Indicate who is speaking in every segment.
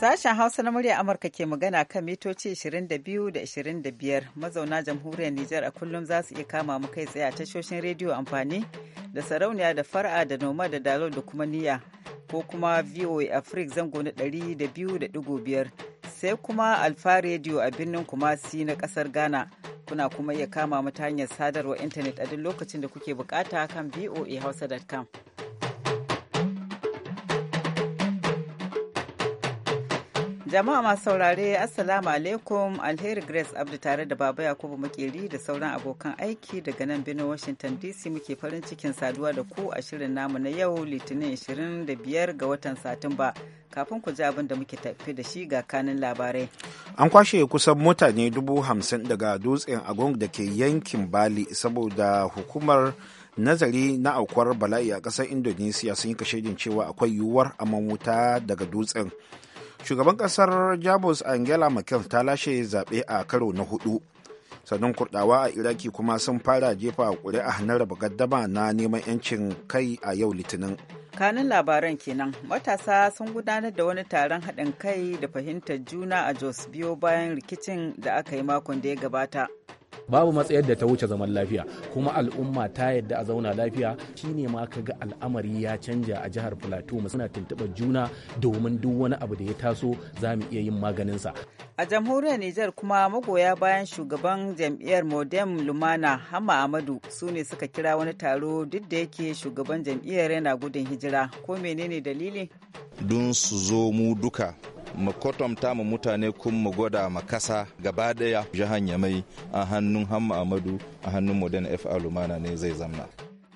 Speaker 1: Sashen Hausa na murya Amurka ke magana kan mitoci 22 da 25 mazauna jamhuriyar Nijar a kullum za su iya kama mu kai tsaye a tashoshin rediyo amfani da sarauniya da fara da noma da dalo da kuma niya ko kuma VOA Africa zango na 200.5 sai kuma Alfa Radio a birnin Kumasi na kasar Ghana. Kuna kuma iya kama mu ta hanyar sadarwa intanet a duk lokacin da kuke bukata kan voahausa.com. Jama'a masu saurare Assalamu alaikum Alheri Grace Abdu tare da Baba Yakubu Makeri da sauran abokan aiki daga nan birnin Washington DC muke farin cikin saduwa da ku a shirin namu na yau Litinin 25 ga watan Satumba. Kafin ku ji abin da muke tafi da shi ga kanin labarai.
Speaker 2: An kwashe kusan mutane dubu hamsin daga dutsen Agong da ke yankin Bali saboda hukumar nazari na aukuwar bala'i a ƙasar Indonesia sun yi kashedin cewa akwai yiwuwar aman wuta daga dutsen. shugaban kasar jamus angela merkel ta lashe zaɓe a karo na hudu sannan kurdawa a iraki kuma sun fara jefa ƙuri'a na raba gaddama na neman 'yancin kai a yau litinin
Speaker 1: kanin labaran kenan matasa sun gudanar da wani taron haɗin kai da fahimtar juna a jos biyo bayan rikicin da aka yi makon da ya gabata
Speaker 3: babu matsayar da ta wuce zaman lafiya kuma al'umma ta yadda a zauna lafiya shine ma ka ga al'amari ya canja a jihar plateau mu suna tuntuɓar juna domin duk wani abu da ya taso za mu iya yin maganinsa
Speaker 1: a jamhuriyar niger kuma magoya bayan shugaban jam'iyyar modem lumana hama amadu su ne suka kira wani taro duk da yake shugaban jam'iyyar yana gudun hijira ko menene dalili
Speaker 4: don su zo mu duka mu kwatanta mu mutane kun mu gwada ma kasa gaba daya jihan yamai a hannun hamma amadu a hannun modern fa lumana ne zai zamna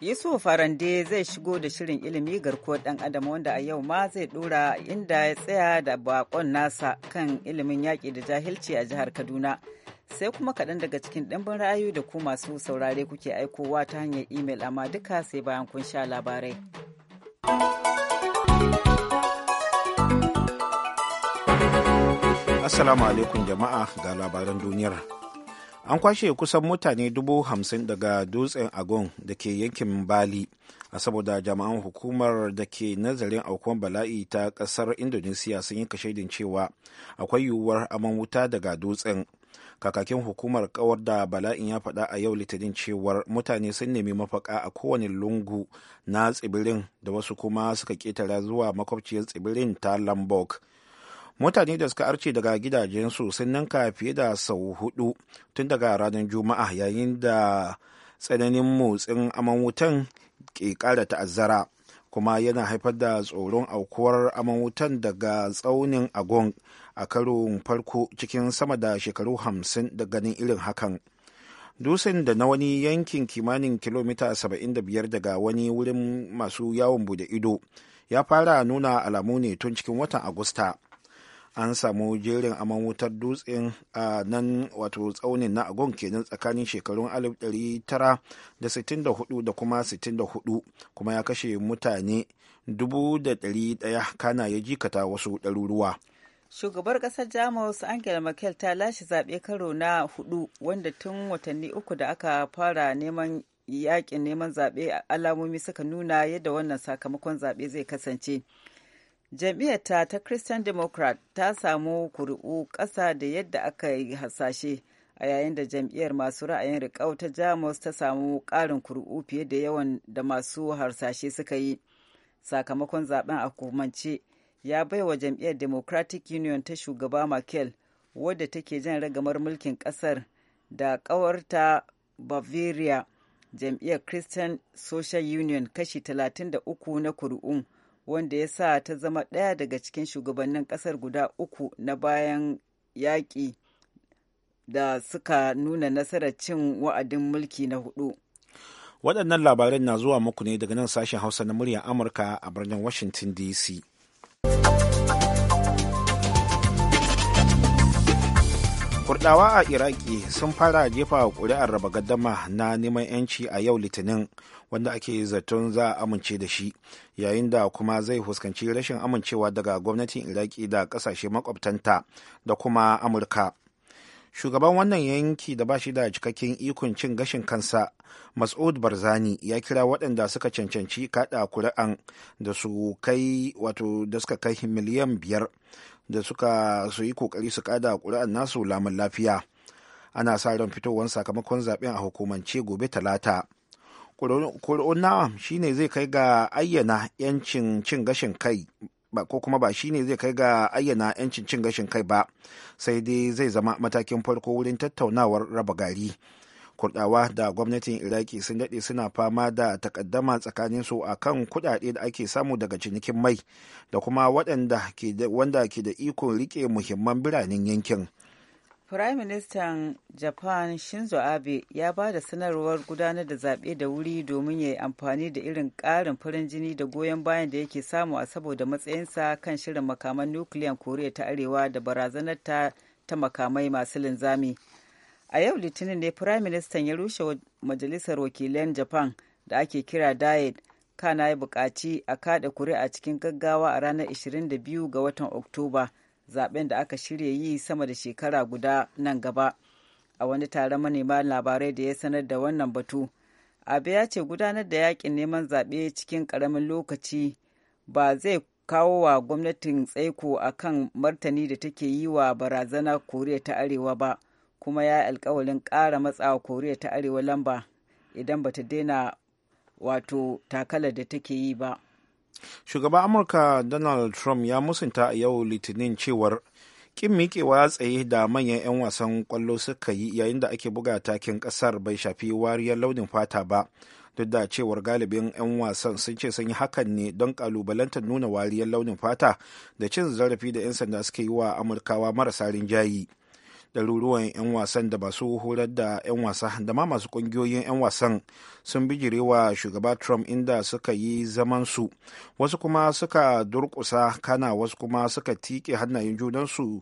Speaker 1: Yusuf Farande zai shigo da shirin ilimi garkuwar dan adam wanda a yau ma zai ɗora inda ya tsaya da bakon nasa kan ilimin yaƙi da jahilci a jihar Kaduna. Sai kuma kaɗan daga cikin ɗimbin ra'ayoyi da ku masu saurare kuke aikowa ta hanyar imel amma duka sai bayan kun sha labarai.
Speaker 2: Assalamu alaikum jama'a ga labaran duniyar. An kwashe kusan mutane dubu hamsin daga dutsen Agon da ke yankin Bali, a saboda jama'an hukumar da ke nazarin aukuwan bala'i ta ƙasar indonesia sun yi kashedin cewa akwai yiwuwar aman wuta daga dutsen. Kakakin hukumar kawar da bala'in ya faɗa a yau litinin cewar mutane sun nemi mafaka a kowane lungu na tsibirin da wasu kuma suka ƙetara zuwa makwabciyar tsibirin ta Lombok. mutane da suka arce daga gidajensu sun ninka fiye da sau hudu tun daga ranar juma'a yayin da tsananin motsin aman wutan ke kara ta'azzara kuma yana haifar da tsoron aukuwar aman wutan daga tsaunin agon a karon farko cikin sama da shekaru hamsin da ganin irin hakan dusin da na wani yankin kimanin kilomita 75 daga wani wurin masu yawon bude ido ya fara nuna alamu ne tun cikin watan agusta an samu jerin aman wutar dutsen a nan wato tsaunin na agon kenan tsakanin shekarun 1964 da kuma 64 kuma ya kashe mutane 1,100 kana ya jikata wasu ɗaruruwa.
Speaker 1: shugabar ƙasar jamus angela merkel ta lashe zaɓe karo na hudu wanda tun watanni uku da aka fara neman yakin neman zaɓe alamomi suka nuna yadda wannan sakamakon zaɓe zai kasance jam'iyyarta ta christian democrat ta samu kuri'u ƙasa da yadda aka yi hasashe a yayin da jam'iyyar masu ra'ayin riƙau ta jamus ta samu ƙarin kuri'u fiye da yawan da masu harsashe suka yi sakamakon zaben a hukumance ya bai wa jam'iyyar democratic union ta shugaba makel wadda take jan ragamar mulkin ƙasar da ƙawarta bavaria jam'iyyar christian social union kashi 33 na kuri'un wanda ya sa ta zama ɗaya daga cikin shugabannin ƙasar guda uku na bayan yaƙi da suka nuna nasarar cin wa'adin mulki na hudu.
Speaker 2: Waɗannan labaran na zuwa muku ne daga nan sashen Hausa na muryar Amurka a birnin Washington DC. kurdawa a iraki sun fara jefa kuri'ar raba gaddama na neman yanci a yau litinin wanda ake zaton za a amince da shi yayin da kuma zai fuskanci rashin amincewa daga gwamnatin iraki da kasashe makwabtanta da kuma amurka shugaban wannan yanki da ba shi da cikakken ikon cin gashin kansa mas'ud barzani ya kira waɗanda suka cancanci kaɗa kuri'an da su kai wato da suka kai miliyan biyar da suka su yi kokari su kada ƙuri'an nasu lamun lafiya ana sa ran fitowar sakamakon zaben a hukumance gobe talata ƙuri'un shine zai kai ga ayyana 'yancin cin gashin kai ba ko kuma ba shine zai kai ga ayyana 'yancin cin gashin kai ba sai dai zai zama matakin farko wurin tattaunawar raba gari kurdawa da gwamnatin iraki sun daɗe suna fama da takaddama tsakanin su a kan kuɗaɗe da ake samu daga cinikin mai da kuma waɗanda ke da ikon rike muhimman biranen yankin
Speaker 1: Prime Minister Japan Shinzo Abe ya ba da sanarwar gudanar da zaɓe da wuri domin ya yi amfani da irin ƙarin farin jini da goyon bayan da yake samu a saboda matsayinsa kan shirin makaman nukiliyan Koriya ta Arewa da barazanar ta makamai masu linzami. a yau litinin ne firaministan ya rushe majalisar wakilan japan da ake kira diet kana ya bukaci a kada kuri'a cikin gaggawa a ranar 22 ga watan oktoba zaben da aka shirya yi sama da shekara guda nan gaba a wani taron manema labarai da ya sanar da wannan batu abu ya ce gudanar da yakin neman zaɓe cikin karamin lokaci ba zai kawo wa gwamnatin tsaiko akan martani da take yi wa barazana koriya ta arewa ba kuma ya yi alkawalin ƙara matsawa koriya ta arewa lamba idan ba ta daina wato takalar da take yi ba
Speaker 2: shugaban amurka donald trump ya musanta a yau litinin cewar kin miƙewa ya tsaye da manyan 'yan wasan kwallo suka yi yayin da ake buga takin ƙasar bai shafi wariyar launin fata ba duk da cewar galibin 'yan wasan sun ce sun yi hakan ne don kalubalantar nuna wariyar launin fata da cin zarafi da 'yan sanda suke yi wa amurkawa marasa rinjayi ɗaruruwan 'yan wasan da masu horar da 'yan wasa da ma masu ƙungiyoyin 'yan wasan sun bijirewa shugaba trump inda suka yi zamansu wasu kuma suka durƙusa kana wasu kuma suka tike hannayen junansu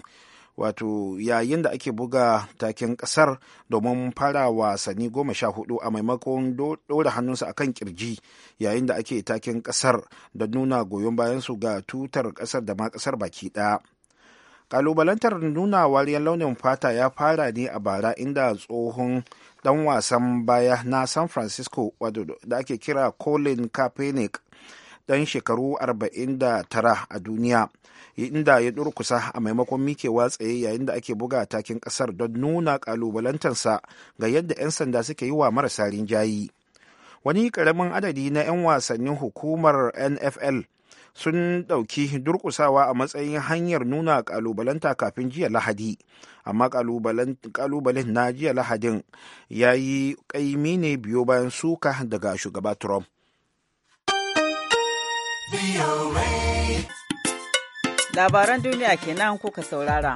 Speaker 2: wato yayin da ake buga takin ƙasar domin fara wasanni goma sha hudu a maimakon ɗora hannunsa a kan kirji yayin da ake takin ƙasar da nuna goyon bayansu ga tutar ƙasar da ma ƙasar baki ɗaya kalubalantar nuna wariyar launin fata ya fara ne a bara inda tsohon dan wasan baya na san francisco wadu da ake kira colin kaepernick dan shekaru 49 a duniya inda ya durkusa a maimakon mikewa tsaye yayin da ake buga takin kasar don nuna kalubalantarsa ga yadda 'yan sanda suke yi wa marasa rinjayi wani karamin adadi na 'yan wasannin hukumar nfl sun ɗauki durƙusawa a matsayin hanyar nuna ƙalubalanta kafin jiya lahadi amma ƙalubalen na jiya lahadin ya yi ƙaimi ne biyo bayan suka daga shugaba trump
Speaker 1: labaran duniya kenan kuka saurara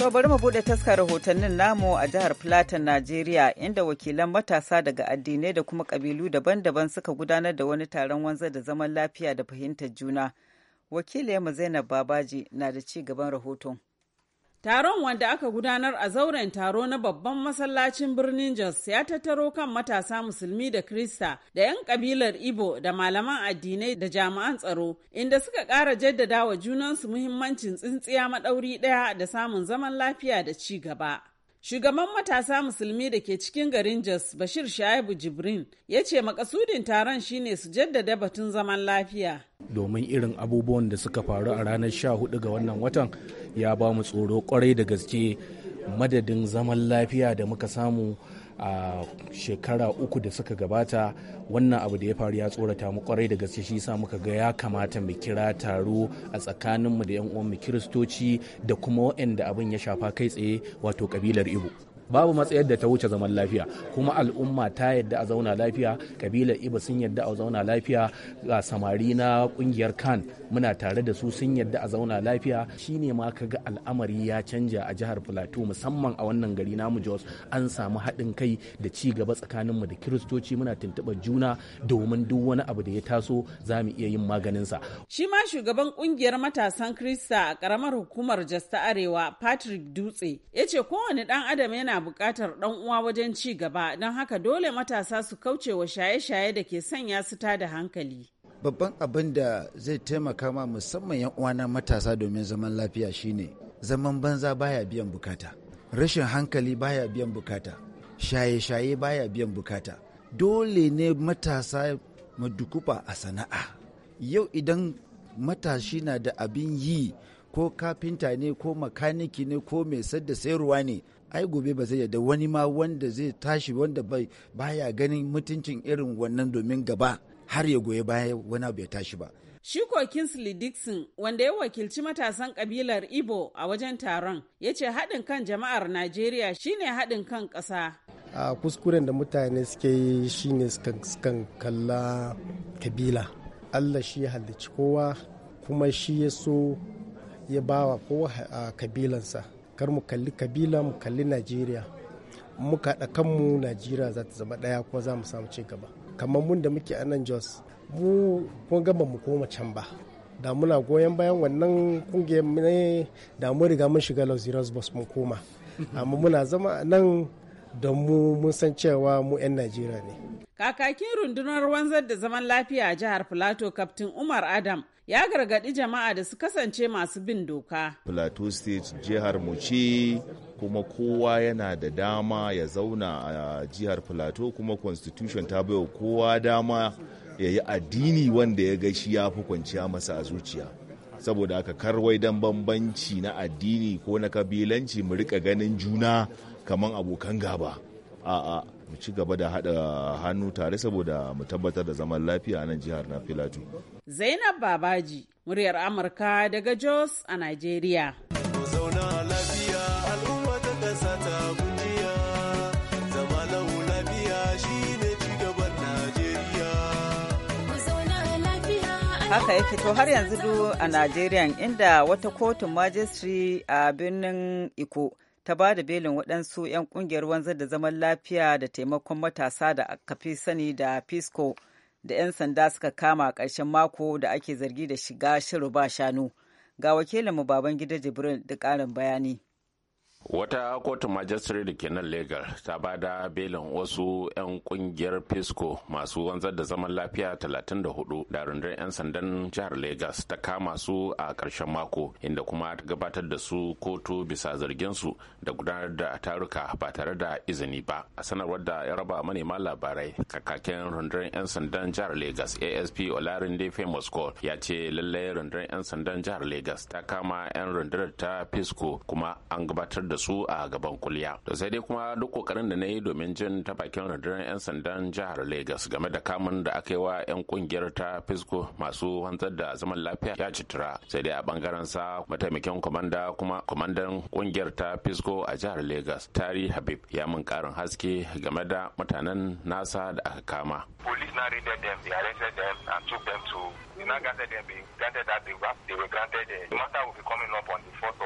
Speaker 1: To bari mu buɗe taska rahotannin namu a jihar Plateau, Najeriya, inda wakilan matasa daga addinai da kuma kabilu daban-daban suka gudanar da wani taron wanzar da zaman lafiya da fahimtar juna. Wakiliyarmu Zainab Babaji na da ci
Speaker 5: gaban rahoton. Taron wanda aka gudanar a zauren taro na babban masallacin birnin Jos ya tattaro kan matasa musulmi da Krista da 'yan kabilar Ibo da malaman addinai da jami'an tsaro inda suka ƙara jaddada wa junansu muhimmancin tsintsiya maɗauri ɗaya da samun zaman lafiya da ci gaba. Shugaban matasa musulmi da ke cikin garin Jos Bashir Shaibu Jibrin ya ce makasudin taron shine su jaddada batun zaman lafiya.
Speaker 3: Domin irin abubuwan da suka faru a ranar 14 ga wannan watan ya ba mu tsoro kwarai da gaske madadin zaman lafiya da muka samu a shekara uku da suka gabata wannan abu da ya faru ya tsorata mu kwarai da gaske shi sa muka ga ya kamata mu kira taro a tsakaninmu da 'yan uwan mu kiristoci da kuma waɗanda abin ya shafa kai tsaye wato kabilar ibo babu matsayar da ta wuce zaman lafiya kuma al'umma ta yadda a zauna lafiya kabilar iba sun yadda a zauna lafiya ga samari na kungiyar kan muna tare da su sun yadda a zauna lafiya shine ma ga al'amari ya canja a jihar plateau musamman a wannan gari namu jos an samu haɗin kai da ci gaba tsakaninmu da kiristoci muna tuntuɓar juna domin duk wani abu da ya taso za mu iya yin maganinsa.
Speaker 5: shi ma shugaban kungiyar matasan krista a karamar hukumar jasta arewa patrick dutse ya ce kowane dan adam yana ana buƙatar ɗan uwa wajen ci gaba don haka dole matasa su kauce wa shaye-shaye da ke sanya su da hankali.
Speaker 2: Babban abin da zai taimaka ma musamman 'yan uwana matasa domin zaman lafiya shine zaman banza baya biyan bukata, rashin hankali baya biyan bukata, shaye-shaye baya biyan bukata. Dole ne matasa madukufa a sana'a. Yau idan matashi na da abin yi ko kafinta ne ko makaniki ne ko mai sayarwa ne ai gobe ba zai yadda wani ma wanda zai tashi wanda bai baya ganin mutuncin irin wannan domin gaba har ya goye baya wani abu ya tashi ba
Speaker 5: shiko kingsley Dixon wanda ya wakilci matasan kabilar Igbo a wajen taron ya ce haɗin kan jama'ar Najeriya shine haɗin kan ƙasa.
Speaker 6: A kuskuren da mutane suke yi shine sukan kalla kabila. Allah shi halicci kowa kuma shi ya so ya bawa kowa a kabilansa. kar mu kalli kabila mu kalli najeriya muka kaɗa kanmu najeriya za ta zama ɗaya kuma za mu samu ci gaba kamar mun da muke a nan jos mu kun gaba mu koma can ba da muna goyon bayan wannan kungiyar ne da mun riga mun shiga los bus mun koma amma muna zama a nan don mu mun san cewa mu 'yan najeriya ne
Speaker 5: Kakakin rundunar wanzar da zaman lafiya a jihar Filato, Kaftin Umar Adam, ya gargadi jama'a da su kasance masu bin doka.
Speaker 7: filato State jihar mu ce kuma kowa yana da dama ya zauna a jihar filato kuma constitution ta baiwa kowa dama ya yi addini wanda ya ga shi ya fi kwanciya masa a zuciya. saboda haka karwai don bambanci na addini ko na kabilanci mu rika ganin juna kaman abokan gaba a'a mu ci gaba da haɗa hannu tare saboda mu tabbatar da zaman lafiya a nan jihar
Speaker 5: na filatu. Zainab Babaji, muryar Amurka daga Jos a Najeriya.
Speaker 1: Haka yake to har yanzu du a Najeriya inda wata kotun majistri a birnin Iko. ta ba da belin waɗansu 'yan ƙungiyar wanzar da zaman lafiya da taimakon matasa da aka fi sani da fisco da 'yan sanda suka kama a ƙarshen mako da ake zargi da shiga shiru ba shanu ga wakilinmu baban gida jibril da ƙarin bayani
Speaker 8: wata kotun majistare da ke nan legas ta ba da belin wasu 'yan kungiyar fisco masu wanzar da zaman lafiya 34 da rundunar 'yan sandan jihar legas ta kama su a ƙarshen mako inda kuma ta gabatar da su kotu bisa zarginsu da gudanar da taruka ba tare da izini ba a sanarwar da ya raba manema labarai kakakin rundunar 'yan sandan jihar legas asp olarinde famous call ya ce lallai rundunar 'yan sandan jihar legas ta kama 'yan rundunar ta fisco kuma an gabatar da su a gaban kuliya da sai dai kuma duk kokarin da na yi domin jin ta bakin rundunar 'yan sandan jihar lagos game da kamun da aka yi wa 'yan kungiyar ta fisco masu hantsar da zaman lafiya ya citira sai dai a bangaren sa mataimakin kwamanda kuma kwamandan kungiyar ta fisco a jihar lagos tari habib ya min karin haske game da mutanen nasa da aka kama
Speaker 9: police narrated them they arrested them and
Speaker 8: took them to they now granted them they granted that they were granted eh, the matter will be coming up on the 4th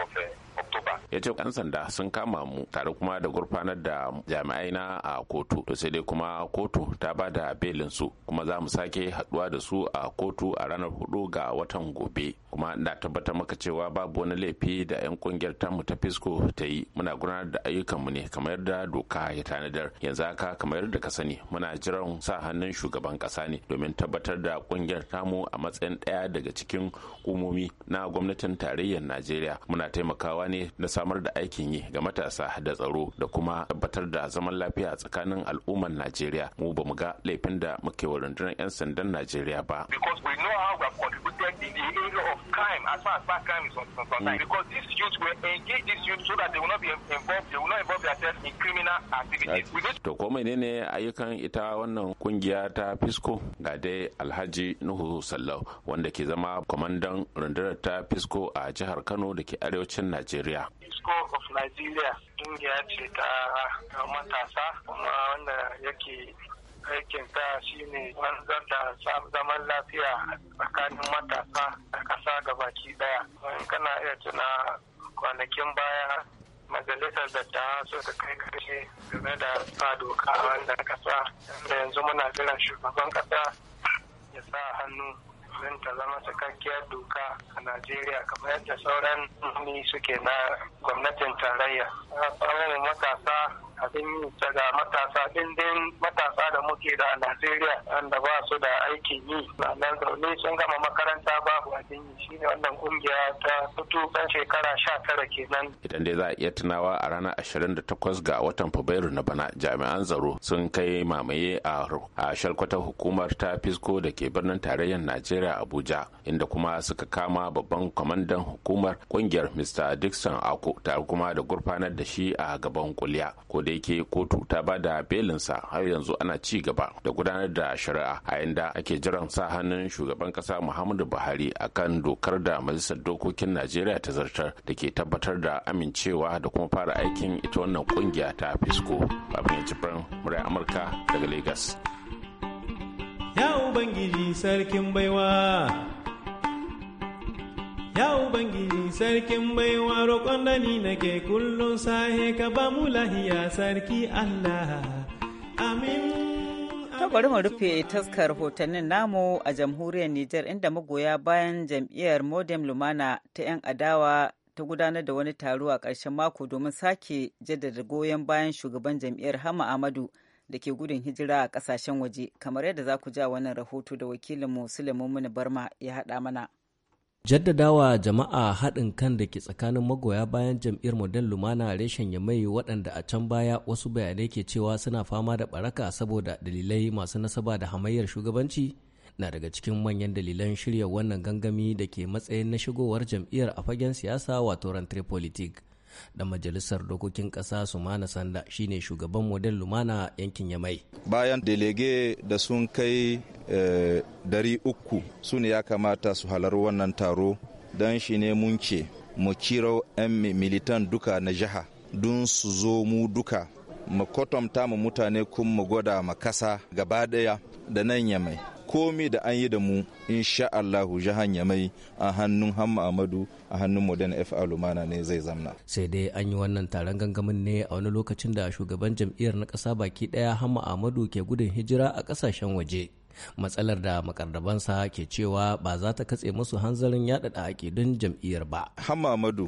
Speaker 8: ya ce yan sanda sun kama mu tare kuma da gurfanar da jami'ai na a kotu to sai dai kuma kotu ta ba da belin su kuma za mu sake haduwa da su a kotu a ranar hudu ga watan gobe kuma na tabbatar maka cewa babu wani laifi da yan kungiyar tamu ta fisco ta yi muna gudanar da ayyukanmu ne kamar yadda doka ya tanadar yanzu haka kamar yadda ka sani muna jiran sa hannun shugaban kasa ne domin tabbatar da kungiyar tamu a matsayin daya daga cikin hukumomi na gwamnatin tarayyar najeriya muna taimakawa ne na samar da aikin yi ga matasa da tsaro da kuma tabbatar da zaman lafiya tsakanin al'ummar Najeriya mu ba mu ga laifin da muke wa rundunar 'yan sandan Najeriya ba. as far To ko menene ayyukan ita wannan kungiya ta Fisco ga dai Alhaji Nuhu Sallau wanda ke zama kwamandan rundunar ta Fisco a jihar Kano da ke arewacin Najeriya.
Speaker 6: School of Nigeria ƙungiya ce ta matasa kuma wanda yake aikin ta shine wanzar da zaman lafiya tsakanin matasa a ƙasa ga gabaki daya. Kana iya tuna kwanakin baya majalisar dattawa suka
Speaker 9: kai karshe
Speaker 6: game da sa doka a wannan ƙasa. yanzu muna jiran shugaban ƙasa ya sa hannu don ta zama cikakkiyar doka a Najeriya kamar yadda sauran suke na gwamnatin tarayya. Ɓangaren matasa abin daga matasa dindin matasa da muke da a Najeriya wanda ba su da aikin yi na nan zaune sun gama makaranta babu abin
Speaker 9: yi Shi ne wannan kungiya ta fito kan shekara sha tara
Speaker 8: kenan. Idan dai za a iya tunawa a ranar ashirin da takwas ga watan Fabrairu na bana jami'an tsaro sun kai mamaye a shalkwatar hukumar ta Fisco da ke birnin tarayyar Najeriya Abuja inda kuma suka kama babban kwamandan hukumar kungiyar Mr. Dixon Ako tare kuma da gurfanar da shi a gaban kuliya. Ko da yake kotu ta ba da belinsa har yanzu ana ci gaba da gudanar da shari'a a inda ake jiran sa hannun shugaban kasa muhammadu buhari akan dokar da majalisar dokokin najeriya ta zartar da ke tabbatar da amincewa da kuma fara aikin ita wannan kungiya ta fisco babin jibran murai amurka daga lagos
Speaker 4: ya ubangiji sarkin baiwa Ya Ubangiji sarkin
Speaker 6: baiwa roƙon da ni nake kullum sahe ka ba mu lahiya sarki Allah.
Speaker 1: Amin. Ta bari mu rufe taskar hotannin namu a jamhuriyar Nijar inda magoya bayan jam'iyyar Modem Lumana ta 'yan adawa ta gudanar da wani taro a ƙarshen mako domin sake jaddada goyon bayan shugaban jam'iyyar Hama Amadu da ke gudun hijira a ƙasashen waje kamar yadda za ku ja wannan rahoto da wakilinmu Suleiman Barma ya haɗa mana.
Speaker 6: jaddadawa jama'a haɗin kan da ke tsakanin magoya bayan jam'iyyar model lumana reshen ya mai waɗanda a can baya wasu bayanai ke cewa suna fama da ɓaraka saboda dalilai masu nasaba da hamayyar shugabanci na daga cikin manyan dalilan shirya wannan gangami da ke matsayin na shigowar jam'iyyar a fagen siyasa wato rentre politique da majalisar dokokin ƙasa mana sanda shine shugaban model lumana yankin yamai
Speaker 4: bayan delege da sun kai eh, dari uku su ne ya kamata su halar wannan taro don shi ne mun ce mu ciro 'yan militan duka na jiha don su zo mu duka mu kwatanta mu mutane kun mu gwada ma ƙasa gaba daya da nan yamai komi da an yi da mu insha Allahu jahan mai a hannun Hamma Amadu a hannun Modern F Alumana ne zai zamna.
Speaker 6: Sai dai an yi wannan taron gangamin ne a wani lokacin da shugaban jam'iyyar na ƙasa baki ɗaya Hamma Amadu ke gudun hijira a ƙasashen waje. matsalar da makardabansa
Speaker 4: ke cewa ba za ta katse
Speaker 6: musu hanzarin yaɗaɗa aƙidun jam'iyyar ba.
Speaker 4: Hamma Amadu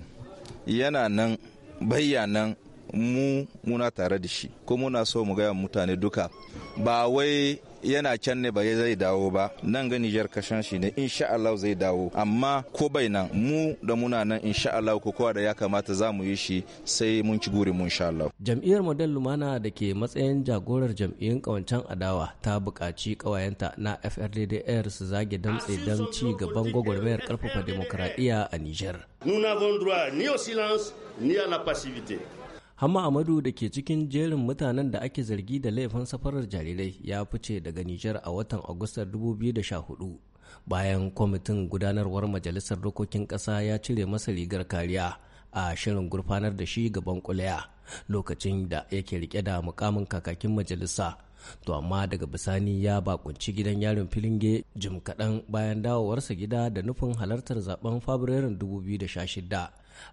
Speaker 4: yana nan bayyana mu muna tare da shi ko muna so mu gaya mutane duka ba wai yana can ne ba zai dawo ba nan ga Nijar kashan shi ne insha Allah zai dawo amma ko bai nan mu da muna nan in Allah ko kowa da ya kamata za mu yi shi sai mun ci guri mun insha
Speaker 6: jam'iyyar model lumana da ke matsayin jagorar jam'iyyun kawancan adawa ta buƙaci kawayenta na FRDDR su zage damtse don ci gaban gwagwarmayar karfafa demokradiyya a Nijar
Speaker 7: nous n'avons droit ni au silence ni à la passivité
Speaker 6: Hamma Amadu da ke cikin jerin mutanen da ake zargi da laifin safarar jarirai ya fice daga Nijar a watan Agustar 2014 bayan kwamitin gudanarwar Majalisar Dokokin Ƙasa ya cire masa rigar kariya a shirin gurfanar da shi gaban kulaya lokacin da yake rike da mukamin kakakin majalisa. To amma daga bisani ya bakunci gidan yarin filinge jim kaɗan bayan dawowarsa gida da nufin halartar zaben Fabrairun 2016.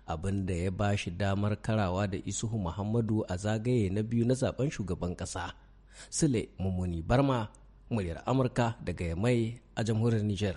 Speaker 6: abin da ya ba shi damar karawa da isuhu muhammadu a zagaye na biyu na zaben shugaban ƙasa sule mummuni barma muryar amurka daga mai a jamhuriyar niger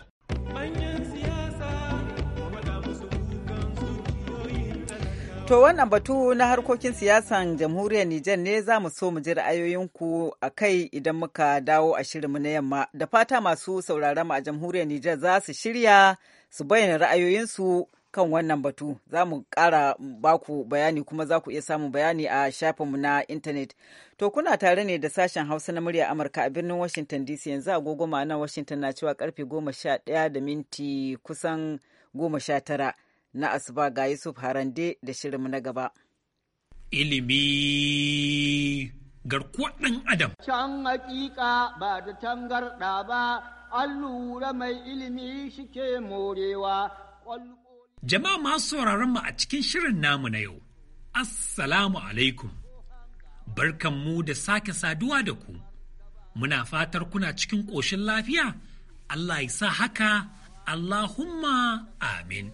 Speaker 1: To wannan batu na harkokin siyasan jamhuriyar Nijar ne za mu so mu ji ra'ayoyinku a kai idan muka dawo a shirinmu na yamma. Da fata masu sauraron mu a jamhuriyar Nijar za su shirya su bayyana ra'ayoyinsu kan wannan batu za mu ƙara baku bayani kuma za ku iya samun bayani a shafinmu na intanet to kuna tare ne da sashen hausa na murya amurka a birnin washington dc yanzu agogo ma'ana washington na cewa karfe goma sha ɗaya da minti kusan goma sha tara na asuba ga yusuf harande da shirinmu na gaba
Speaker 9: ilimi garkuwar ɗan adam
Speaker 6: can hakika ba da tangarɗa ba an lura mai ilimi shike morewa
Speaker 9: Jama'a masu sauraron mu a cikin shirin namu na yau, Assalamu alaikum, barkan mu da sake saduwa da ku, muna fatar kuna cikin ƙoshin lafiya, Allah ya sa haka, Allahumma amin.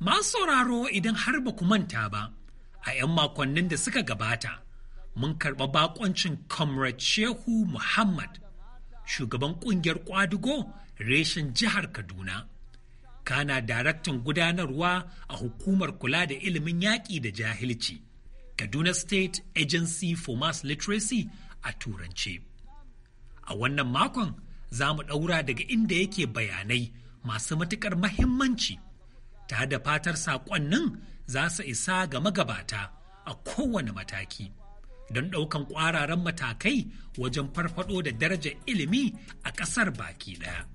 Speaker 9: Masu sauraro idan har ba ku manta ba, a 'yan makonnin da suka gabata, mun karɓa bakoncin Comrade Shehu Muhammad, shugaban ƙungiyar ƙwadugo reshen jihar Kaduna. kana daraktan gudanarwa a hukumar kula da ilimin yaƙi da jahilci kaduna state agency for mass literacy a turance a wannan makon za mu ɗaura daga inda yake bayanai masu matuƙar mahimmanci ta da fatar saƙonnin za su isa ga magabata a kowane mataki don ɗaukan ƙwararan matakai wajen farfaɗo da darajar ilimi a ƙasar baki ɗaya.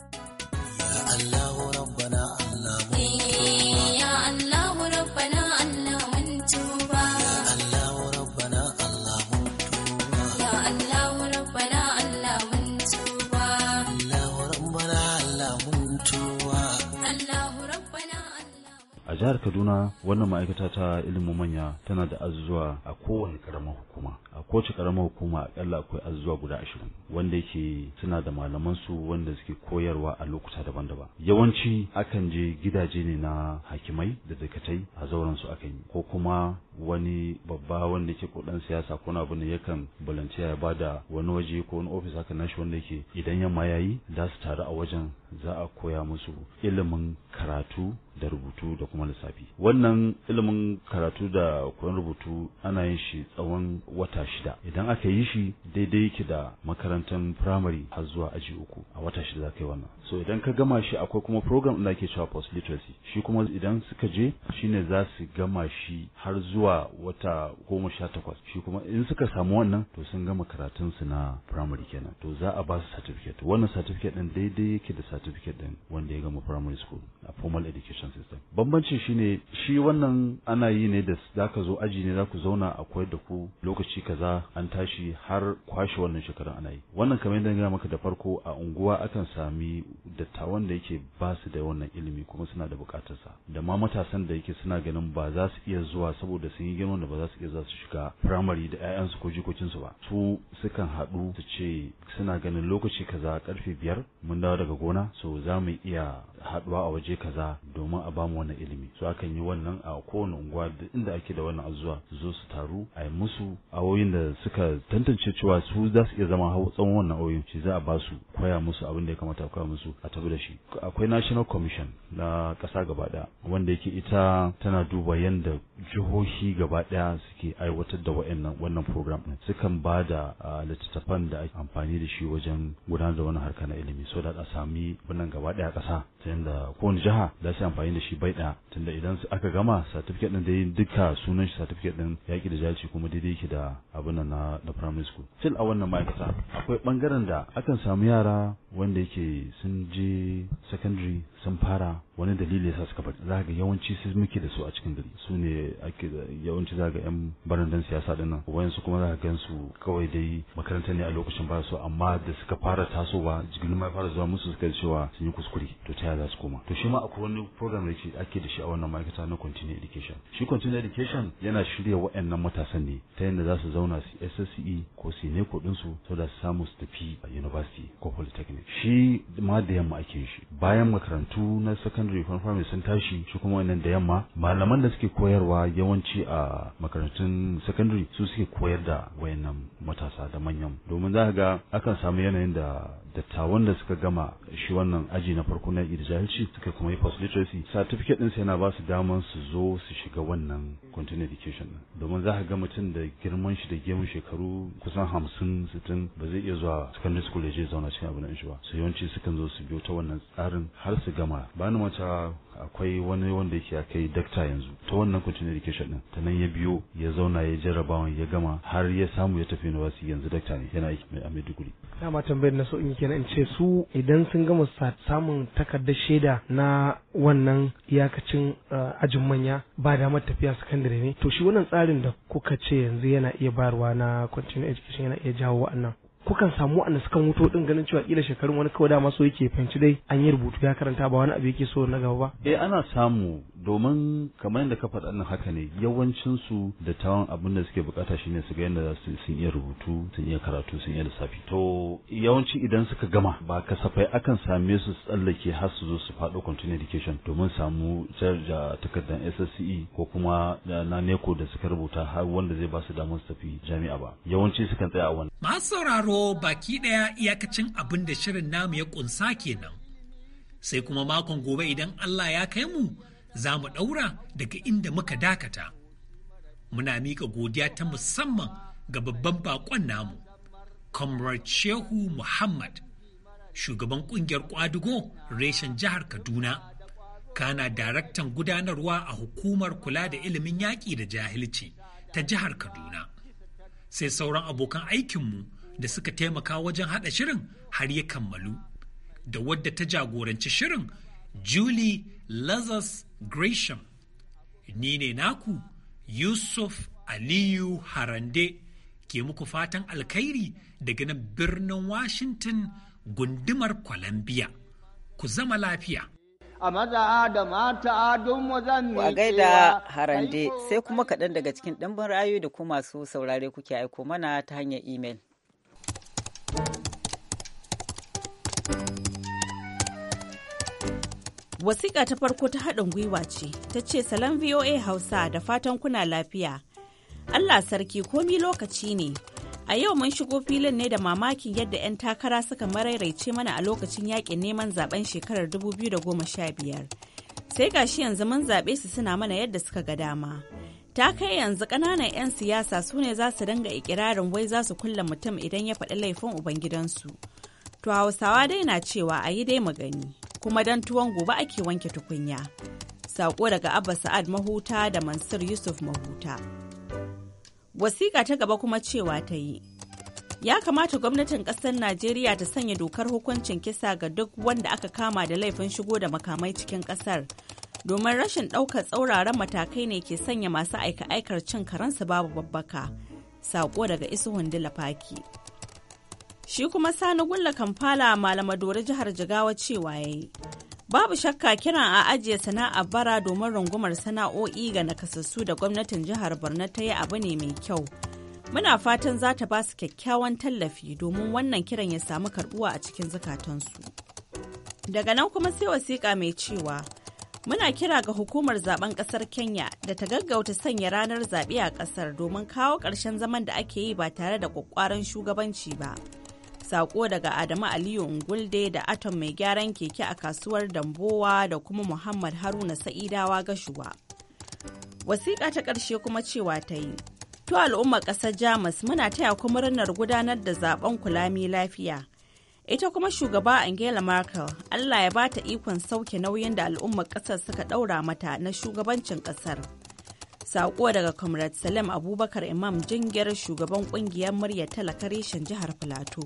Speaker 7: jihar kaduna wannan ma'aikata ta ilimin manya tana da azuzuwa a kowane karamar hukuma a kowace karamar hukuma akalla akwai azuzuwa guda ashirin wanda yake suna da malaman su wanda suke koyarwa a lokuta daban-daban yawanci akan je gidaje ne na hakimai da dakatai a zauren su akan yi ko kuma wani babba wanda ke ko ɗan siyasa ko na ne yakan balance ya ba da wani waje ko wani ofis haka nashi wanda yake idan yamma yayi za su taru a wajen za a koya musu ilimin karatu da rubutu da kuma lissafi wannan ilimin karatu da koyon rubutu ana yin shi tsawon wata shida idan aka yi shi daidai yake da makarantar firamare har zuwa aji uku a wata shida za ka yi wannan so idan ka gama shi akwai kuma program da ake cewa post literacy shi kuma idan suka je shine za su gama shi har zuwa zuwa wata goma sha takwas shi kuma in suka samu wannan to sun gama karatun su na primary kenan to za a ba su certificate wannan certificate din daidai yake da certificate din wanda ya gama primary school a formal education system bambancin shine shi wannan ana yi ne da zaka zo aji ne za ku zauna akwai da ku lokaci kaza an tashi har kwashe wannan shekarun ana yi wannan kamar yadda na maka da farko a unguwa akan sami dattawan da yake ba su da wannan ilimi kuma suna da bukatarsa da ma matasan da yake suna ganin ba za su iya zuwa saboda sun yi girman da ba za su iya za su shiga firamare da 'ya'yansu ko jikokinsu ba su sukan haɗu su ce suna ganin lokaci kaza karfe biyar mun dawo daga gona so za mu iya Haɗuwa a waje kaza domin a bamu wannan ilimi so akan yi wannan a kowane unguwa duk inda ake da wannan azuwa su zo su taru a yi musu awoyin da suka tantance cewa su za su iya zama tsawon wannan awoyin shi za a ba su koya musu abin da ya kamata koya musu a tafi da shi akwai national commission na ƙasa gaba ɗaya wanda yake ita tana duba yadda jihohi gaba ɗaya suke aiwatar da wa'annan wannan program ɗin sukan ba da littattafan da ake amfani da shi wajen gudanar da wani harka na ilimi so da a sami wannan gaba ɗaya ƙasa ta yadda kowane jiha da su amfani da shi bai ɗaya tunda idan aka gama certificate da yin duka sunan shi certificate ɗin yaƙi da jahilci kuma daidai yake da abin nan na da primary school still a wannan ma'aikata akwai ɓangaren da akan samu yara wanda yake sun je secondary sun fara wani dalili yasa suka faɗi za ga yawanci su muke da su a cikin gari su ne ake yawanci za ga yan barandan siyasa din nan wayansu kuma za gan su kawai dai makaranta ne a lokacin ba su amma da suka fara tasowa jigilin ma fara zuwa musu suka cewa sun yi kuskure to ta ya za su koma to shi ma akwai wani program da ake da shi a wannan ma'aikata na continuing education shi continuing education yana shirya wa'annan matasan ne ta yadda za su zauna su SSCE ko su ne kuɗin su so da su samu su tafi a university ko polytechnic shi ma da yamma ake shi bayan makarantu na secondary primary sun tashi shi kuma wannan da yamma malaman da suke koyarwa yawanci a makarantun secondary su suke koyar da wayannan matasa da manyan domin za ka ga akan samu yanayin da dattawan da suka gama shi wannan aji na farko na da jahilci suka kuma yi post literacy certificate din yana ba su daman su zo su shiga wannan continuing education din domin za ka ga mutum da girman shi da gemun shekaru kusan hamsin sittin ba zai iya zuwa secondary school ya je zauna cikin abin shi ba su yawanci sukan zo su biyo ta wannan tsarin har su gama ba ni mata akwai wani wanda yake a kai dakta yanzu ta wannan continuing education din ta nan ya biyo ya zauna ya jarrabawa ya gama har ya samu ya tafi university yanzu dakta ne yana aiki a Maiduguri dama tambayar na so in kenan in ce su idan sun gama samun takardar shaida na wannan iyakacin eh, ajin manya ba damar tafiya sakandare ne to shi wannan tsarin da kuka ce yanzu yana iya bayarwa na continuing education yana iya jawo wa'annan kukan samu wanda suka mutu din ganin cewa kila shekarun wani kawai dama so yake fanci dai an yi rubutu ya karanta ba wani abu yake so na gaba ba eh ana samu domin kamar yadda ka faɗa nan haka ne yawancin su da tawan abin da suke bukata shine su ga yadda sun iya rubutu sun iya karatu sun iya lissafi to yawanci idan suka gama ba kasafai akan same su tsallake har su zo su faɗo continuing education domin samu jarja takardar SSCE ko kuma na neko da suka rubuta har wanda zai ba su damar su tafi jami'a ba yawanci sukan tsaya a wannan
Speaker 9: ba sauraro sauraro baki ɗaya iyakacin abin da shirin namu ya ƙunsa kenan. Sai kuma makon gobe idan Allah ya kai mu za mu ɗaura daga inda muka dakata. Muna miƙa godiya ta musamman ga babban baƙon namu, Comrade Shehu Muhammad, shugaban ƙungiyar ƙwadugo reshen jihar Kaduna, kana daraktan gudanarwa a hukumar kula da ilimin yaƙi da jahilci ta jihar Kaduna. sai sauran abokan aikinmu da suka taimaka wajen hada shirin har ya kammalu da wadda ta jagoranci shirin julie lazarus gresham ni ne naku yusuf aliyu harande ke muku fatan alkhairi daga nan birnin washington gundumar columbia ku zama lafiya
Speaker 6: a maza da mata don zan
Speaker 9: mai gaida
Speaker 1: harande sai kuma kaɗan daga cikin ɗimbin rayu da ku masu saurare kuke aiko mana ta hanyar
Speaker 10: imel. Wasiƙa ta farko ta haɗin gwiwa ce, ta ce salon VOA Hausa da fatan kuna lafiya. Allah sarki komi lokaci ne. A yau mun shigo filin ne da mamakin yadda 'yan takara suka maraice mana a lokacin yakin neman zaben shekarar dubu biyu da goma sha biyar. Sai gashi yanzu mun zaɓe su suna mana yadda suka ga dama. Ta kai yanzu ƙananan 'yan siyasa su ne za su dinga ikirarin wai za su kulle mutum idan ya faɗi laifin ubangidansu. To Hausawa dai na cewa a yi dai mu gani. kuma don tuwon gobe ake wanke tukunya. Sako daga Abba Sa'ad Mahuta da Mansur Yusuf Mahuta. Wasiƙa ta gaba kuma cewa ta yi. Ya kamata gwamnatin ƙasar Najeriya ta sanya dokar hukuncin kisa ga duk wanda aka kama da laifin shigo da makamai cikin ƙasar. Domin rashin ɗaukar tsauraran matakai ne ke sanya masu aika-aikar cin karansu babu babbaka. Sako daga Isuhun Dilafaki. Shi kuma Sani Gulla Kamfala Malamadori jihar Jigawa cewa ya yi. Babu shakka kiran a ajiye sana'a bara domin rungumar sana'o'i ga nakasassu da gwamnatin jihar Borno ta yi abu ne mai kyau. Muna fatan za ta ba su kyakkyawan tallafi domin wannan kiran ya samu karbuwa a cikin zukatansu. Daga nan kuma sai wasiƙa mai cewa muna kira ga hukumar zaben ƙasar Kenya da ta gaggauta sanya ranar zaɓe a ƙasar domin kawo ƙarshen zaman da ake yi ba tare da ƙwaƙƙwaran shugabanci ba. Sako daga Adamu Aliyu Ungulde da Atom mai gyaran keke a kasuwar Dambowa da kuma Muhammad Haruna Sa'idawa Gashuwa. Wasiƙa ta ƙarshe kuma cewa ta yi, To al'ummar ƙasar Jamus muna taya kumurnar murnar gudanar da zaben kulami lafiya. Ita kuma shugaba Angela Merkel, Allah ya ba ta ikon sauke nauyin da al'ummar ƙasar suka ɗaura mata na shugabancin ƙasar. Saƙo daga Comrade Salim Abubakar Imam jingiyar shugaban ƙungiyar murya talaka reshen jihar Filato.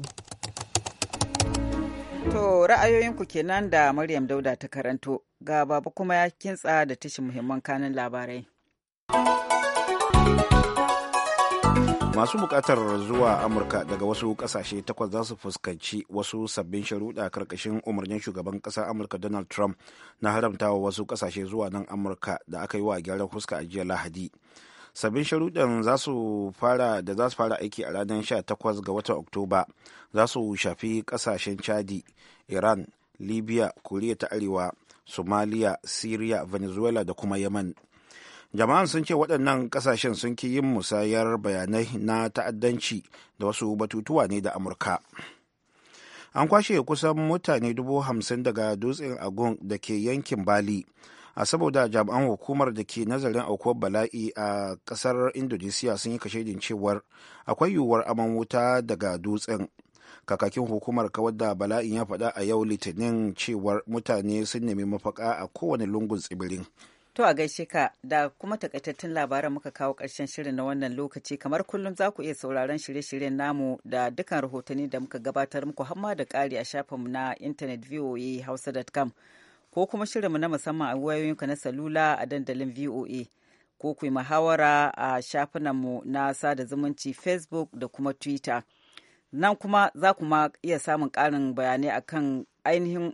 Speaker 1: To ra'ayoyinku kenan da Maryam Dauda ta karanto ga babu kuma ya kintsa da tashin muhimman kanin labarai.
Speaker 2: Masu bukatar zuwa Amurka daga wasu kasashe takwas za su fuskanci wasu sabbin sharuɗa karkashin umarnin shugaban ƙasar Amurka Donald Trump na haramta wa wasu kasashe zuwa nan Amurka da aka yi wa gyaran fuska a jiya Lahadi. sabbin sharuɗan za su fara da za su fara aiki a ranar 18 ga watan oktoba za su shafi ƙasashen chadi iran libya koriya ta arewa somalia syria venezuela da kuma yaman jama'an sun ce waɗannan ƙasashen sun ki yin musayar bayanai na ta'addanci da wasu batutuwa ne da amurka an kwashe kusan mutane dubu hamsin daga dutsen agun da ke yankin bali a saboda jami'an hukumar da ke nazarin aukuwar bala'i a kasar indonesia sun yi kashedin cewar akwai yiwuwar aman wuta daga dutsen kakakin hukumar kawar da bala'in ya faɗa a yau litinin cewar mutane sun nemi mafaka a kowane lungun tsibirin
Speaker 1: To a gaishe ka da kuma takaitattun labaran muka kawo ƙarshen shirin na wannan lokaci kamar kullum za ku iya sauraron shirye-shiryen namu da dukkan rahotanni da muka gabatar muku hamma da ƙari a shafinmu na intanet voa hausa.com ko kuma shirinmu na musamman a wayoyinka na salula a dandalin voa ko ku yi muhawara a shafinanmu na sada zumunci facebook da kuma twitter. nan kuma za ku ma iya samun ƙarin bayanai akan ainihin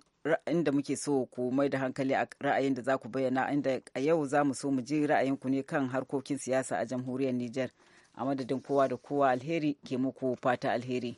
Speaker 1: inda muke so ku mai da hankali a ra'ayin da za ku bayyana inda a yau za mu so mu ji ra'ayinku ne kan harkokin siyasa a jamhuriyar Nijar a madadin kowa da kowa alheri ke muku fata alheri.